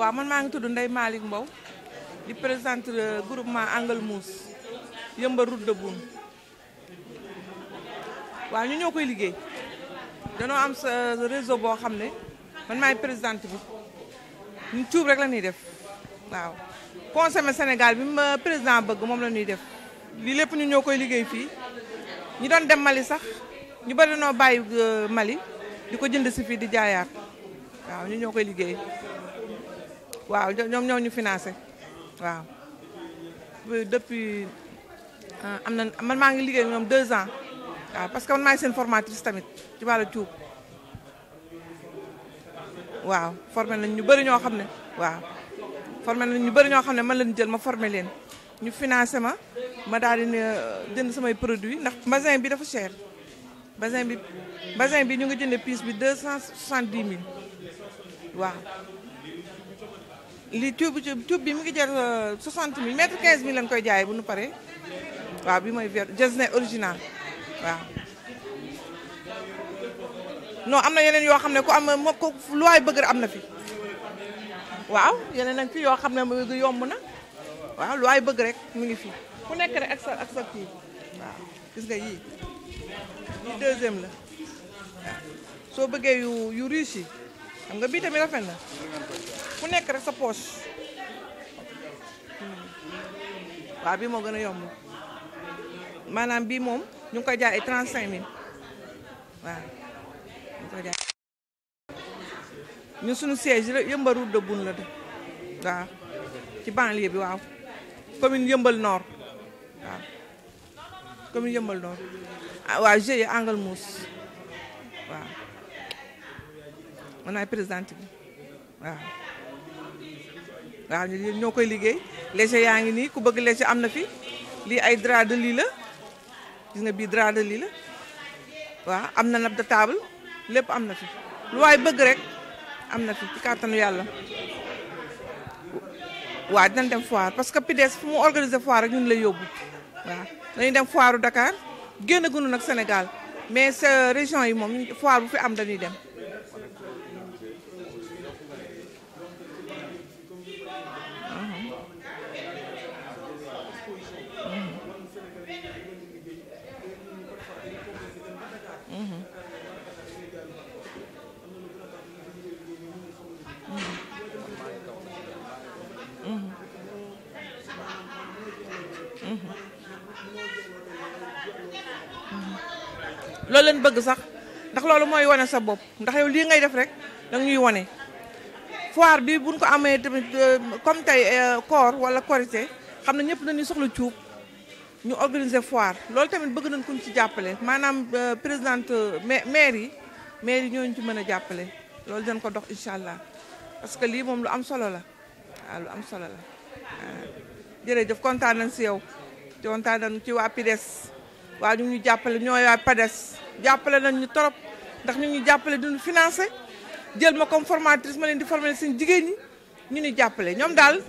waaw man maa ngi tudd Ndeye maali mbaw di présidente euh, groupement Angle Mousse yëmbal route de Boune waaw ñu ñoo koy liggéey danoo am sa euh, réseau boo xam ne man maay présidente bi ñu cuub rek la ñuy def waaw consommé Sénégal bi ma président bëgg moom la ñuy def lii lépp ñu ñoo koy liggéey fii ñu doon dem Mali sax ñu bari danoo bàyyi euh, Mali di ko jënd si fii di jaayaat waaw ñu ñoo koy liggéey waaw ñoom ñoo ñu financé waaw depuis euh, am na man maa ngi liggéey ñoom deux ans waaw parce que man maa ngi seen formatrice tamit ci wàllu cuub waaw formé nañ ñu bëri ñoo xam ne waaw formé nañ ñu bëri ñoo xam ne man lañ jël ma formé leen ñu financé ma ma daal di euh, jënd samay produit ndax basin bi dafa cher basin bi basin bi ñu ngi jëndee pièce bi deux cent soixante-dix mille waaw li tube tube bi mu ngi jar 60 euh, mille mètre 15 mille lañ koy jaaye bu nu paree waaw bi mooy ver jasne original waaw. non am na yeneen yoo xam ne ku am moo ko lu am na fi waaw yeneen nag yoo xam ne mu yomb na waaw lu waay bëgg rek mu ngi fi ku nekk rek ak sa ak sa kii waaw gis nga yii yii deuxième la soo bëggee yu yu xam nga bii tamit rafet na. ku nekk rek sa poche hmm. waaw bii moo gën a yomb maanaam bii moom ñu ngi koy jaay ay trente cinq mille waaw ñu koy jaay ñun suñu siège yëmbal route la de waaw ci banlieue bi waaw commune yëmbal noor waaw commune yëmbal nord ah waaw GIE Angle Mousse waaw man naay présidente bi waaw nga xam ne ñoo koy liggéey léger yaa ngi nii ku bëgg léger am na fi lii ay dra de la gis nga bii drap de la waa am na nappe de table lépp am na fi lu waay bëgg rek am na fi ci kàttanu yàlla waaw dinañ dem foire parce que PDS fu mu organiser foire rek ñun la yóbbu waaw dañuy dem foire Dakar génn gunu nag Sénégal mais sa région yi moom foire bu fi am dañuy dem loolu leen bëgg sax ndax loolu mooy wane sa bopp ndax yow lii ngay def rek danga ñuy wane foire bi buñ ko amee tamit euh, comme tey euh, koor wala korité xam ne ñëpp dañuy soxla cuub ñu organiser foire loolu tamit bëgg nañ kuñ ci jàppale maanaam euh, présidente maire yi maire yi ci mën a jàppale loolu dañ ko dox incha allah parce que lii moom lu am solo la waaw lu am solo la jërëjëf jëf nañ si yow kontaan nañu ci waa PDS waaw ñu ñu jàppale ñoo waa PDS jàppale nañ ñu torop ndax ñu ñu jàppale duñu financé jël ma comme formatrice ma leen di former seen jigéen ñi ñu ñu jàppale ñoom daal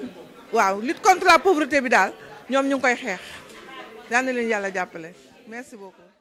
waaw lutte contre la pauvreté bi daal ñoom ñu ngi koy xeex daan na leen yàlla jàppale merci beaucoup